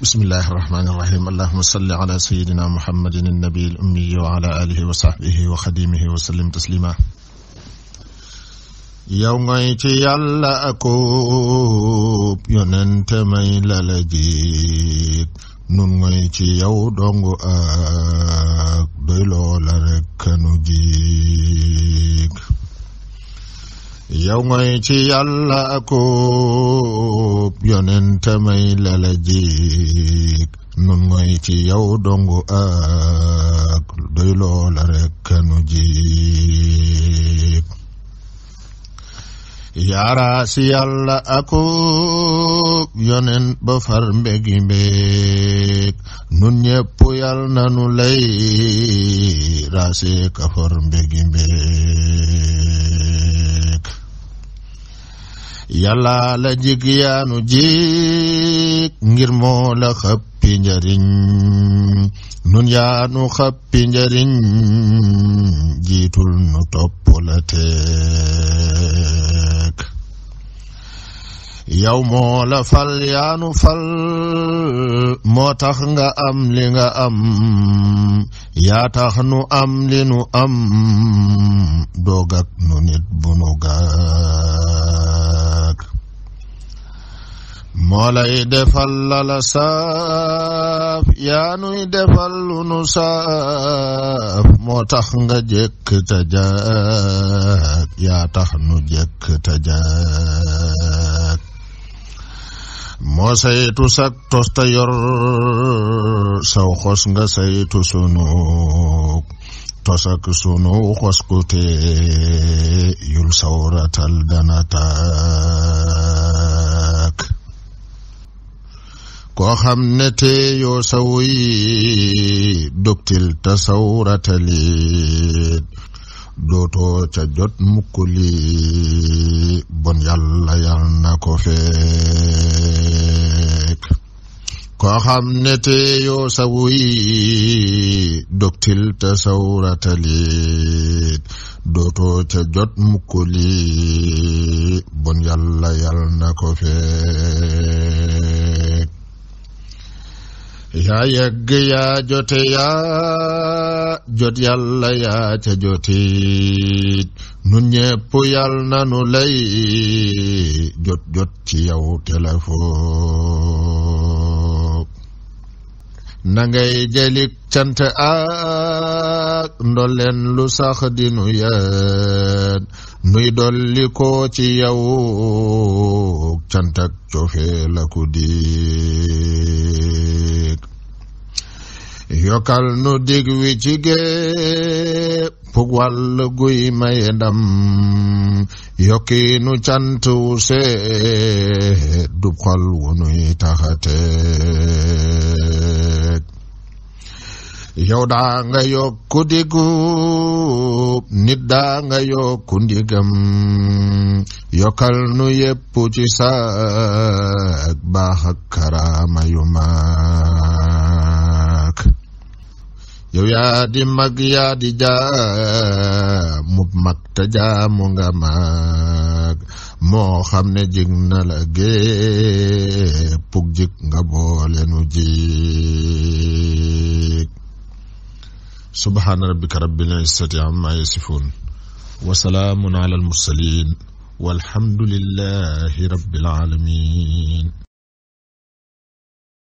bismillahi irrahmani irrahim allahuma salli ala sayidina muhammadin annabi al ummiyi wa ala alihi wa sahbihi wa xadimihi wa sallim taslima yow ngay ci yàlla akoob yonente may lala jiit nun ngay ci yow dong ak doy loola rekk kanu jiit yow mooy ci yàlla akub yonent may lala jiig nun mooy ci yow dongu ak doy loola rekk nu jiig yaaraa si yàlla akub yonent nun ñëpp yàl nanu lay raase ka far yàlla la jig yaanu ngir moo la xëppi njariñ nun yaanu xëppi njariñ jiitul nu topp la teeg fal yaanu fal moo tax nga am li nga am yaa nu am li am doog nu nit bu noolay defal lala saaf yaa nuy defal lu saaf moo tax nga jëkk ta jaak yaa tax nu jëkk ta moo saytu sak tos ta yor saw nga saytu sunu tosak sunu xos ku yul sawratal dana koo xam ne ta sawratali ca jot mukk yàlla yal na ko fekk koo xam ne te yoo saw yi dugtil ca jot mukk lii bon yàlla yal na ko fekk yaa yegg jote yaa jot yàlla yaa jotit nun ñepp yàl nanu lay jot jot ci yow téléphone na ngay jëlik ak ndolleen lu sax di nu yet nuy dolli koo ci yow cant ak ku di yokkal nu dig wi ci gépp wàll guy maye ndam yokki nu dub xol wu nuy taxateeg yow daa nga yokku nit daa nga yokku ndigam yokkal nu yépp ci saag baax ak karaama yow yaa di mag yaa di jaa mub mag te jaa mu nga mag xam ne jig na la gée pug jig nga boole nu jig subhaana rabbika rabbil izzati amma yasifuun wa salaamun ala al mursaliin walhamdulillahi rabbil aalamiin